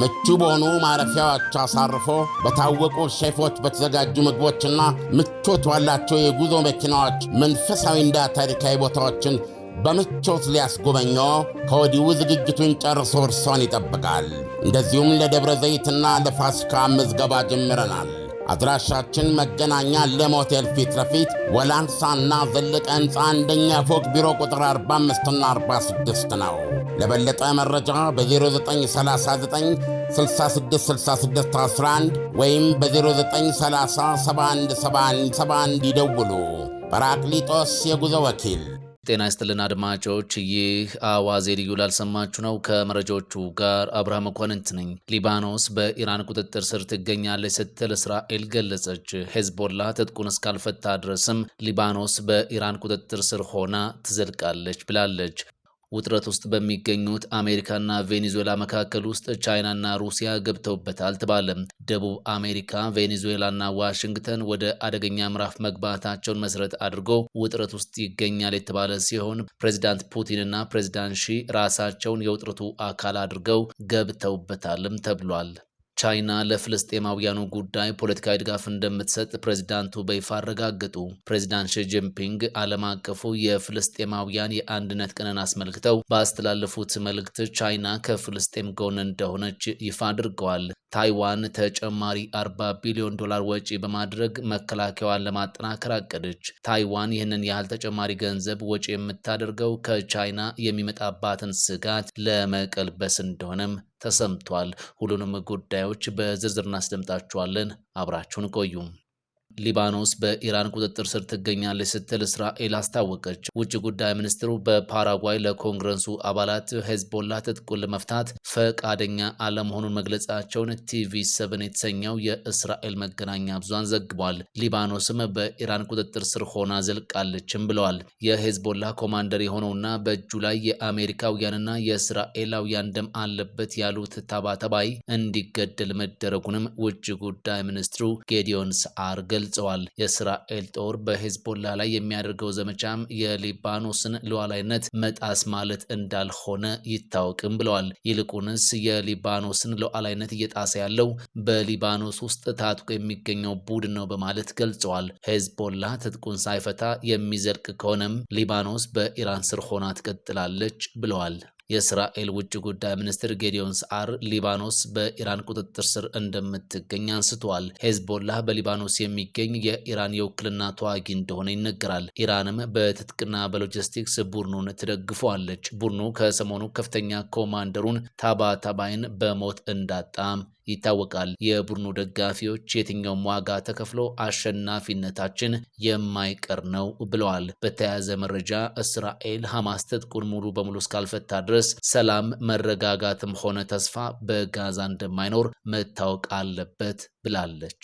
ምቹ በሆኑ ማረፊያዎች አሳርፎ በታወቁ ሼፎች በተዘጋጁ ምግቦችና ምቾት ባላቸው የጉዞ መኪናዎች መንፈሳዊና ታሪካዊ ቦታዎችን በምቾት ሊያስጎበኞ ከወዲሁ ዝግጅቱን ጨርሶ እርሶን ይጠብቃል። እንደዚሁም ለደብረ ዘይትና ለፋሲካ ምዝገባ ጀምረናል። አድራሻችን መገናኛ ለሞቴል ፊት ለፊት ወላንሳና ዘለቀ ሕንፃ አንደኛ ፎቅ ቢሮ ቁጥር 45ና 46 ነው። ለበለጠ መረጃ በ0939666611 ወይም በ0931717171 ይደውሉ። ጰራቅሊጦስ የጉዞ ወኪል። ጤና ይስጥልን አድማጮች፣ ይህ አዋዜ ልዩ ላልሰማችሁ ነው። ከመረጃዎቹ ጋር አብርሃም መኳንንት ነኝ። ሊባኖስ በኢራን ቁጥጥር ስር ትገኛለች ስትል እስራኤል ገለጸች። ሄዝቦላ ትጥቁን እስካልፈታ ድረስም ሊባኖስ በኢራን ቁጥጥር ስር ሆና ትዘልቃለች ብላለች። ውጥረት ውስጥ በሚገኙት አሜሪካና ቬኔዙዌላ መካከል ውስጥ ቻይናና ሩሲያ ገብተውበታል ተባለ። ደቡብ አሜሪካ፣ ቬኔዙዌላና ዋሽንግተን ወደ አደገኛ ምዕራፍ መግባታቸውን መሰረት አድርጎ ውጥረት ውስጥ ይገኛል የተባለ ሲሆን ፕሬዚዳንት ፑቲንና ፕሬዚዳንት ሺ ራሳቸውን የውጥረቱ አካል አድርገው ገብተውበታልም ተብሏል። ቻይና ለፍልስጤማውያኑ ጉዳይ ፖለቲካዊ ድጋፍ እንደምትሰጥ ፕሬዚዳንቱ በይፋ አረጋግጡ። ፕሬዚዳንት ሺጂንፒንግ ዓለም አቀፉ የፍልስጤማውያን የአንድነት ቀንን አስመልክተው ባስተላለፉት መልእክት ቻይና ከፍልስጤም ጎን እንደሆነች ይፋ አድርገዋል። ታይዋን ተጨማሪ 40 ቢሊዮን ዶላር ወጪ በማድረግ መከላከያዋን ለማጠናከር አቀደች። ታይዋን ይህንን ያህል ተጨማሪ ገንዘብ ወጪ የምታደርገው ከቻይና የሚመጣባትን ስጋት ለመቀልበስ እንደሆነም ተሰምቷል። ሁሉንም ጉዳዮች በዝርዝር እናስደምጣችኋለን። አብራችሁን ቆዩ። ሊባኖስ በኢራን ቁጥጥር ስር ትገኛለች ስትል እስራኤል አስታወቀች። ውጭ ጉዳይ ሚኒስትሩ በፓራጓይ ለኮንግረሱ አባላት ሄዝቦላ ትጥቁን ለመፍታት ፈቃደኛ አለመሆኑን መግለጻቸውን ቲቪ ሰብን የተሰኘው የእስራኤል መገናኛ ብዙሃን ዘግቧል። ሊባኖስም በኢራን ቁጥጥር ስር ሆና ዘልቃለችም ብለዋል። የሄዝቦላ ኮማንደር የሆነውና በእጁ ላይ የአሜሪካውያንና የእስራኤላውያን ደም አለበት ያሉት ታባተባይ እንዲገደል መደረጉንም ውጭ ጉዳይ ሚኒስትሩ ጌዲዮን ሰዓር ገልጸዋል። የእስራኤል ጦር በሄዝቦላ ላይ የሚያደርገው ዘመቻም የሊባኖስን ሉዓላዊነት መጣስ ማለት እንዳልሆነ ይታወቅም ብለዋል። ይልቁንስ የሊባኖስን ሉዓላዊነት እየጣሰ ያለው በሊባኖስ ውስጥ ታጥቆ የሚገኘው ቡድን ነው በማለት ገልጸዋል። ሄዝቦላ ትጥቁን ሳይፈታ የሚዘልቅ ከሆነም ሊባኖስ በኢራን ስር ሆና ትቀጥላለች ብለዋል። የእስራኤል ውጭ ጉዳይ ሚኒስትር ጌዲዮን ሰዓር ሊባኖስ በኢራን ቁጥጥር ስር እንደምትገኝ አንስተዋል። ሄዝቦላህ በሊባኖስ የሚገኝ የኢራን የውክልና ተዋጊ እንደሆነ ይነገራል። ኢራንም በትጥቅና በሎጂስቲክስ ቡድኑን ትደግፈዋለች። ቡድኑ ከሰሞኑ ከፍተኛ ኮማንደሩን ታባ ታባይን በሞት እንዳጣም ይታወቃል። የቡድኑ ደጋፊዎች የትኛውም ዋጋ ተከፍሎ አሸናፊነታችን የማይቀር ነው ብለዋል። በተያያዘ መረጃ እስራኤል ሐማስ ትጥቁን ሙሉ በሙሉ እስካልፈታ ድረስ ሰላም፣ መረጋጋትም ሆነ ተስፋ በጋዛ እንደማይኖር መታወቅ አለበት ብላለች።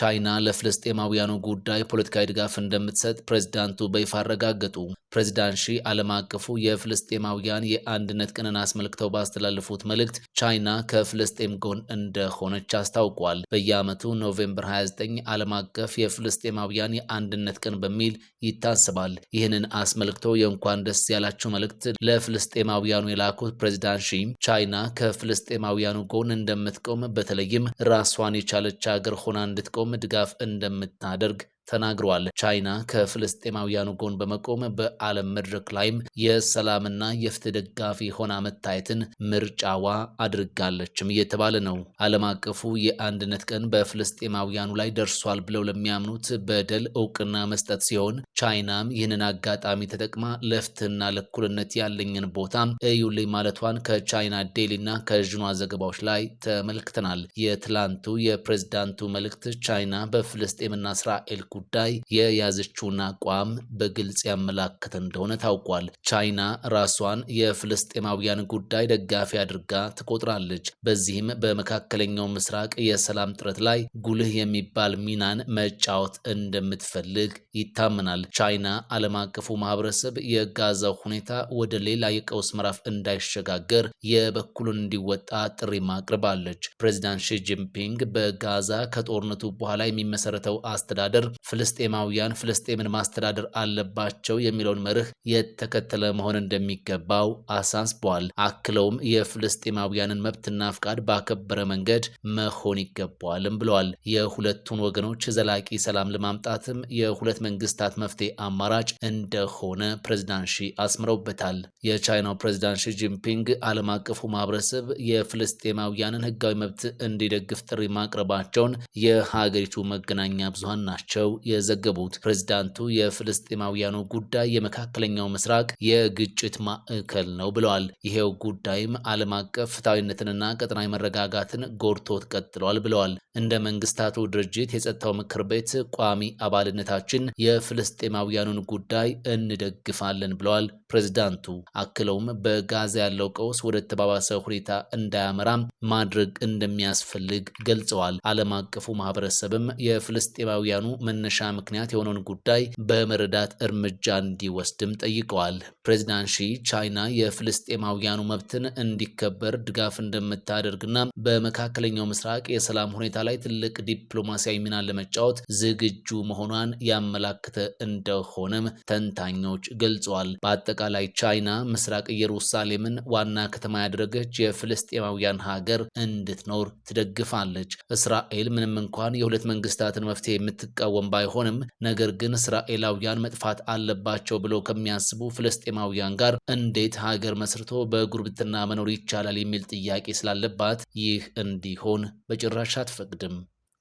ቻይና ለፍልስጤማውያኑ ጉዳይ ፖለቲካዊ ድጋፍ እንደምትሰጥ ፕሬዚዳንቱ በይፋ አረጋገጡ። ፕሬዚዳንት ሺ ዓለም አቀፉ የፍልስጤማውያን የአንድነት ቀንን አስመልክተው ባስተላለፉት መልእክት ቻይና ከፍልስጤም ጎን እንደሆነች አስታውቋል። በየዓመቱ ኖቬምበር 29 ዓለም አቀፍ የፍልስጤማውያን የአንድነት ቀን በሚል ይታሰባል። ይህንን አስመልክቶ የእንኳን ደስ ያላቸው መልእክት ለፍልስጤማውያኑ የላኩት ፕሬዚዳንት ሺ ቻይና ከፍልስጤማውያኑ ጎን እንደምትቆም በተለይም ራሷን የቻለች ሀገር ሆና እንድትቆም የአቆም ድጋፍ እንደምታደርግ ተናግረዋል። ቻይና ከፍልስጤማውያኑ ጎን በመቆም በዓለም መድረክ ላይም የሰላምና የፍትህ ደጋፊ ሆና መታየትን ምርጫዋ አድርጋለችም እየተባለ ነው። ዓለም አቀፉ የአንድነት ቀን በፍልስጤማውያኑ ላይ ደርሷል ብለው ለሚያምኑት በደል እውቅና መስጠት ሲሆን ቻይናም ይህንን አጋጣሚ ተጠቅማ ለፍትህና ለእኩልነት ያለኝን ቦታ እዩልኝ ማለቷን ከቻይና ዴሊና ከዥኗ ዘገባዎች ላይ ተመልክተናል። የትላንቱ የፕሬዝዳንቱ መልእክት ቻይና በፍልስጤምና እስራኤል ጉዳይ የያዘችውን አቋም በግልጽ ያመላከተ እንደሆነ ታውቋል። ቻይና ራሷን የፍልስጤማውያን ጉዳይ ደጋፊ አድርጋ ትቆጥራለች። በዚህም በመካከለኛው ምስራቅ የሰላም ጥረት ላይ ጉልህ የሚባል ሚናን መጫወት እንደምትፈልግ ይታመናል። ቻይና ዓለም አቀፉ ማህበረሰብ የጋዛው ሁኔታ ወደ ሌላ የቀውስ ምዕራፍ እንዳይሸጋገር የበኩሉን እንዲወጣ ጥሪ ማቅርባለች። ፕሬዚዳንት ሺ ጂንፒንግ በጋዛ ከጦርነቱ በኋላ የሚመሰረተው አስተዳደር ፍልስጤማውያን ፍልስጤምን ማስተዳደር አለባቸው የሚለውን መርህ የተከተለ መሆን እንደሚገባው አሳስበዋል። አክለውም የፍልስጤማውያንን መብትና ፍቃድ ባከበረ መንገድ መሆን ይገባዋልም ብለዋል። የሁለቱን ወገኖች ዘላቂ ሰላም ለማምጣትም የሁለት መንግስታት መፍትሄ አማራጭ እንደሆነ ፕሬዚዳንት ሺ አስምረውበታል። የቻይናው ፕሬዚዳንት ሺ ጂንፒንግ ዓለም አቀፉ ማህበረሰብ የፍልስጤማውያንን ህጋዊ መብት እንዲደግፍ ጥሪ ማቅረባቸውን የሀገሪቱ መገናኛ ብዙሃን ናቸው የዘገቡት ፕሬዚዳንቱ የፍልስጤማውያኑ ጉዳይ የመካከለኛው ምስራቅ የግጭት ማዕከል ነው ብለዋል። ይሄው ጉዳይም ዓለም አቀፍ ፍትሐዊነትንና ቀጠናዊ መረጋጋትን ጎድቶት ቀጥሏል ብለዋል። እንደ መንግስታቱ ድርጅት የጸጥታው ምክር ቤት ቋሚ አባልነታችን የፍልስጤማውያኑን ጉዳይ እንደግፋለን ብለዋል ፕሬዚዳንቱ። አክለውም በጋዛ ያለው ቀውስ ወደ ተባባሰ ሁኔታ እንዳያመራም ማድረግ እንደሚያስፈልግ ገልጸዋል። ዓለም አቀፉ ማህበረሰብም የፍልስጤማውያኑ መ መነሻ ምክንያት የሆነውን ጉዳይ በመረዳት እርምጃ እንዲወስድም ጠይቀዋል። ፕሬዚዳንት ሺ ቻይና የፍልስጤማውያኑ መብትን እንዲከበር ድጋፍ እንደምታደርግና በመካከለኛው ምስራቅ የሰላም ሁኔታ ላይ ትልቅ ዲፕሎማሲያዊ ሚናን ለመጫወት ዝግጁ መሆኗን ያመላክተ እንደሆነም ተንታኞች ገልጸዋል። በአጠቃላይ ቻይና ምስራቅ ኢየሩሳሌምን ዋና ከተማ ያደረገች የፍልስጤማውያን ሀገር እንድትኖር ትደግፋለች። እስራኤል ምንም እንኳን የሁለት መንግስታትን መፍትሄ የምትቃወም ባይሆንም ነገር ግን እስራኤላውያን መጥፋት አለባቸው ብለው ከሚያስቡ ፍልስጤማውያን ጋር እንዴት ሀገር መስርቶ በጉርብትና መኖር ይቻላል የሚል ጥያቄ ስላለባት ይህ እንዲሆን በጭራሽ አትፈቅድም።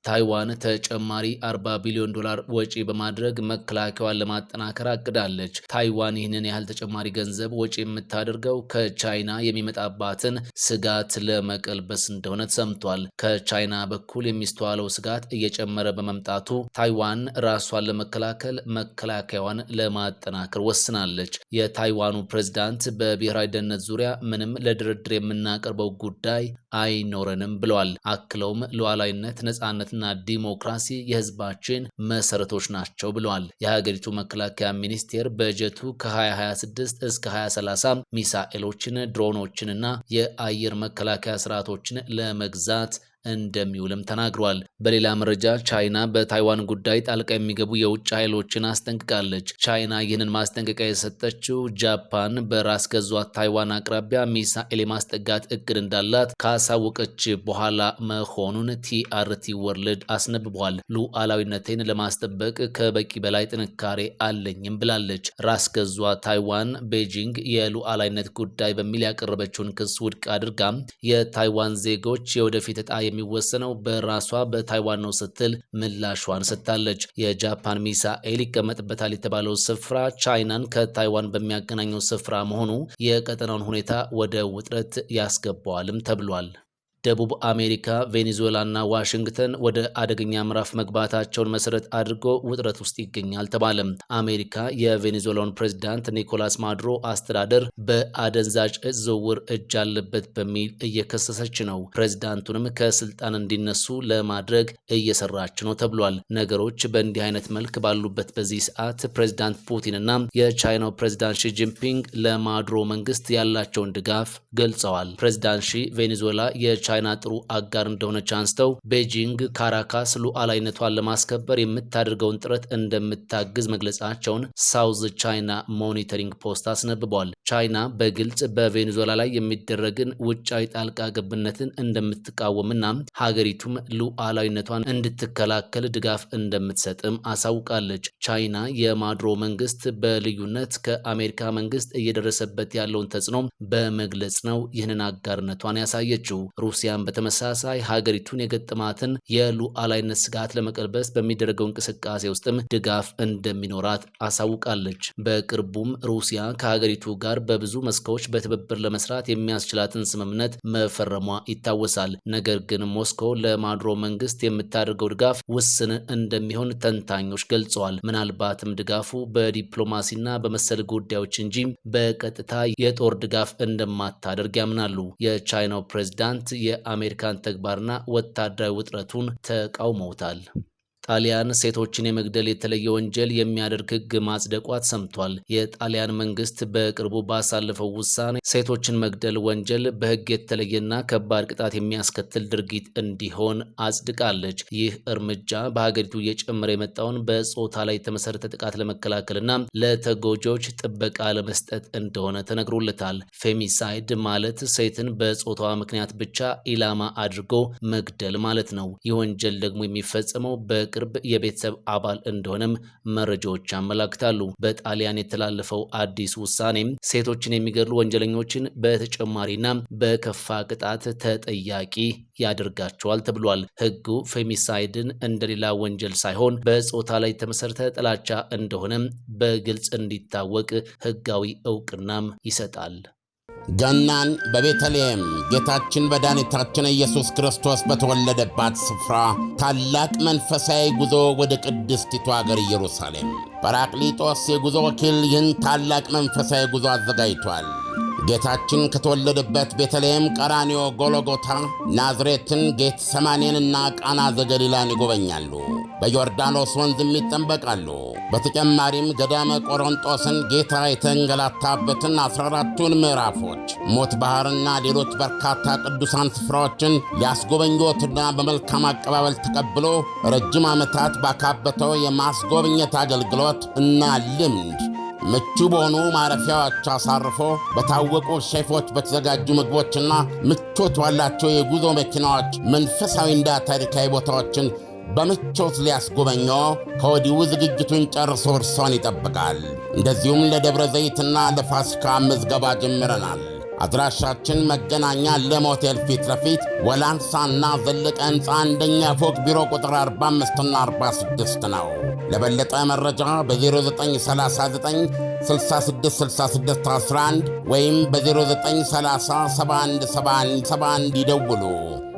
ታይዋን ተጨማሪ 40 ቢሊዮን ዶላር ወጪ በማድረግ መከላከያዋን ለማጠናከር አቅዳለች። ታይዋን ይህንን ያህል ተጨማሪ ገንዘብ ወጪ የምታደርገው ከቻይና የሚመጣባትን ስጋት ለመቀልበስ እንደሆነ ተሰምቷል። ከቻይና በኩል የሚስተዋለው ስጋት እየጨመረ በመምጣቱ ታይዋን ራሷን ለመከላከል መከላከያዋን ለማጠናከር ወስናለች። የታይዋኑ ፕሬዝዳንት በብሔራዊ ደህንነት ዙሪያ ምንም ለድርድር የምናቀርበው ጉዳይ አይኖረንም ብለዋል። አክለውም ሉዓላዊነት፣ ነጻነትና ዲሞክራሲ የህዝባችን መሰረቶች ናቸው ብለዋል። የሀገሪቱ መከላከያ ሚኒስቴር በጀቱ ከ2026 እስከ 2030 ሚሳኤሎችን፣ ድሮኖችንና የአየር መከላከያ ስርዓቶችን ለመግዛት እንደሚውልም ተናግሯል። በሌላ መረጃ ቻይና በታይዋን ጉዳይ ጣልቃ የሚገቡ የውጭ ኃይሎችን አስጠንቅቃለች። ቻይና ይህንን ማስጠንቀቂያ የሰጠችው ጃፓን በራስ ገዟ ታይዋን አቅራቢያ ሚሳኤል የማስጠጋት እቅድ እንዳላት ካሳወቀች በኋላ መሆኑን ቲአርቲ ወርልድ አስነብቧል። ሉዓላዊነቴን ለማስጠበቅ ከበቂ በላይ ጥንካሬ አለኝም ብላለች። ራስ ገዟ ታይዋን ቤጂንግ የሉዓላዊነት ጉዳይ በሚል ያቀረበችውን ክስ ውድቅ አድርጋም የታይዋን ዜጎች የወደፊት ዕጣ የሚወሰነው በራሷ በታይዋን ነው ስትል ምላሿን ሰጥታለች። የጃፓን ሚሳኤል ይቀመጥበታል የተባለው ስፍራ ቻይናን ከታይዋን በሚያገናኘው ስፍራ መሆኑ የቀጠናውን ሁኔታ ወደ ውጥረት ያስገባዋልም ተብሏል። ደቡብ አሜሪካ፣ ቬኔዙዌላና ዋሽንግተን ወደ አደገኛ ምዕራፍ መግባታቸውን መሰረት አድርጎ ውጥረት ውስጥ ይገኛል ተባለም። አሜሪካ የቬኔዙዌላውን ፕሬዚዳንት ኒኮላስ ማዱሮ አስተዳደር በአደንዛዥ እጽ ዝውውር እጅ አለበት በሚል እየከሰሰች ነው። ፕሬዚዳንቱንም ከስልጣን እንዲነሱ ለማድረግ እየሰራች ነው ተብሏል። ነገሮች በእንዲህ አይነት መልክ ባሉበት በዚህ ሰዓት ፕሬዚዳንት ፑቲንና የቻይናው ፕሬዚዳንት ሺጂንፒንግ ለማዱሮ መንግስት ያላቸውን ድጋፍ ገልጸዋል። ፕሬዚዳንት ሺ ቬኔዙዌላ ቻይና ጥሩ አጋር እንደሆነች አንስተው ቤጂንግ ካራካስ ሉዓላዊነቷን ለማስከበር የምታደርገውን ጥረት እንደምታግዝ መግለጻቸውን ሳውዝ ቻይና ሞኒተሪንግ ፖስት አስነብቧል። ቻይና በግልጽ በቬኔዙዌላ ላይ የሚደረግን ውጫዊ ጣልቃ ገብነትን እንደምትቃወምና ሀገሪቱም ሉዓላዊነቷን እንድትከላከል ድጋፍ እንደምትሰጥም አሳውቃለች። ቻይና የማድሮ መንግስት በልዩነት ከአሜሪካ መንግስት እየደረሰበት ያለውን ተጽዕኖ በመግለጽ ነው ይህንን አጋርነቷን ያሳየችው። ሩሲያን በተመሳሳይ ሀገሪቱን የገጠማትን የሉአላይነት ስጋት ለመቀልበስ በሚደረገው እንቅስቃሴ ውስጥም ድጋፍ እንደሚኖራት አሳውቃለች። በቅርቡም ሩሲያ ከሀገሪቱ ጋር በብዙ መስኮች በትብብር ለመስራት የሚያስችላትን ስምምነት መፈረሟ ይታወሳል። ነገር ግን ሞስኮ ለማድሮ መንግስት የምታደርገው ድጋፍ ውስን እንደሚሆን ተንታኞች ገልጸዋል። ምናልባትም ድጋፉ በዲፕሎማሲና በመሰል ጉዳዮች እንጂ በቀጥታ የጦር ድጋፍ እንደማታደርግ ያምናሉ። የቻይናው ፕሬዚዳንት የ የአሜሪካን ተግባርና ወታደራዊ ውጥረቱን ተቃውመውታል። ጣሊያን ሴቶችን የመግደል የተለየ ወንጀል የሚያደርግ ሕግ ማጽደቋ ተሰምቷል። የጣሊያን መንግስት በቅርቡ ባሳለፈው ውሳኔ ሴቶችን መግደል ወንጀል በሕግ የተለየና ከባድ ቅጣት የሚያስከትል ድርጊት እንዲሆን አጽድቃለች። ይህ እርምጃ በሀገሪቱ እየጨመረ የመጣውን በጾታ ላይ የተመሰረተ ጥቃት ለመከላከልና ለተጎጂዎች ጥበቃ ለመስጠት እንደሆነ ተነግሮለታል። ፌሚሳይድ ማለት ሴትን በጾታዋ ምክንያት ብቻ ኢላማ አድርጎ መግደል ማለት ነው። ይህ ወንጀል ደግሞ የሚፈጸመው በ በቅርብ የቤተሰብ አባል እንደሆነም መረጃዎች ያመላክታሉ። በጣሊያን የተላለፈው አዲስ ውሳኔ ሴቶችን የሚገድሉ ወንጀለኞችን በተጨማሪና በከፋ ቅጣት ተጠያቂ ያደርጋቸዋል ተብሏል። ህጉ ፌሚሳይድን እንደሌላ ወንጀል ሳይሆን በጾታ ላይ የተመሰረተ ጥላቻ እንደሆነም በግልጽ እንዲታወቅ ሕጋዊ እውቅናም ይሰጣል። ገናን በቤተልሔም ጌታችን መድኃኒታችን ኢየሱስ ክርስቶስ በተወለደባት ስፍራ ታላቅ መንፈሳዊ ጉዞ ወደ ቅድስቲቱ አገር ኢየሩሳሌም ጰራቅሊጦስ የጉዞ ወኪል ይህን ታላቅ መንፈሳዊ ጉዞ አዘጋጅቷል። ጌታችን ከተወለደበት ቤተልሔም፣ ቀራኒዮ፣ ጎሎጎታ፣ ናዝሬትን፣ ጌት ሰማኔንና ቃና ዘገሊላን ይጎበኛሉ። በዮርዳኖስ ወንዝም ይጠንበቃሉ። በተጨማሪም ገዳመ ቆሮንጦስን ጌታ የተንገላታበትን 14ቱን ምዕራፎች ሞት ባሕርና ሌሎች በርካታ ቅዱሳን ስፍራዎችን ሊያስጎበኞትና በመልካም አቀባበል ተቀብሎ ረጅም ዓመታት ባካበተው የማስጎብኘት አገልግሎት እና ልምድ ምቹ በሆኑ ማረፊያዎች አሳርፎ በታወቁ ሼፎች በተዘጋጁ ምግቦችና ምቾት ባላቸው የጉዞ መኪናዎች መንፈሳዊና ታሪካዊ ቦታዎችን በምቾት ሊያስጎበኘው ከወዲሁ ዝግጅቱን ጨርሶ እርሶን ይጠብቃል። እንደዚሁም ለደብረ ዘይትና ለፋሲካ ምዝገባ ጀምረናል። አድራሻችን መገናኛ ለም ሆቴል ፊት ለፊት ወላንሳና ዘለቀ ሕንፃ አንደኛ ፎቅ ቢሮ ቁጥር 45ና 46 ነው። ለበለጠ መረጃ በ0939 666611 ወይም በ0930 ይደውሉ።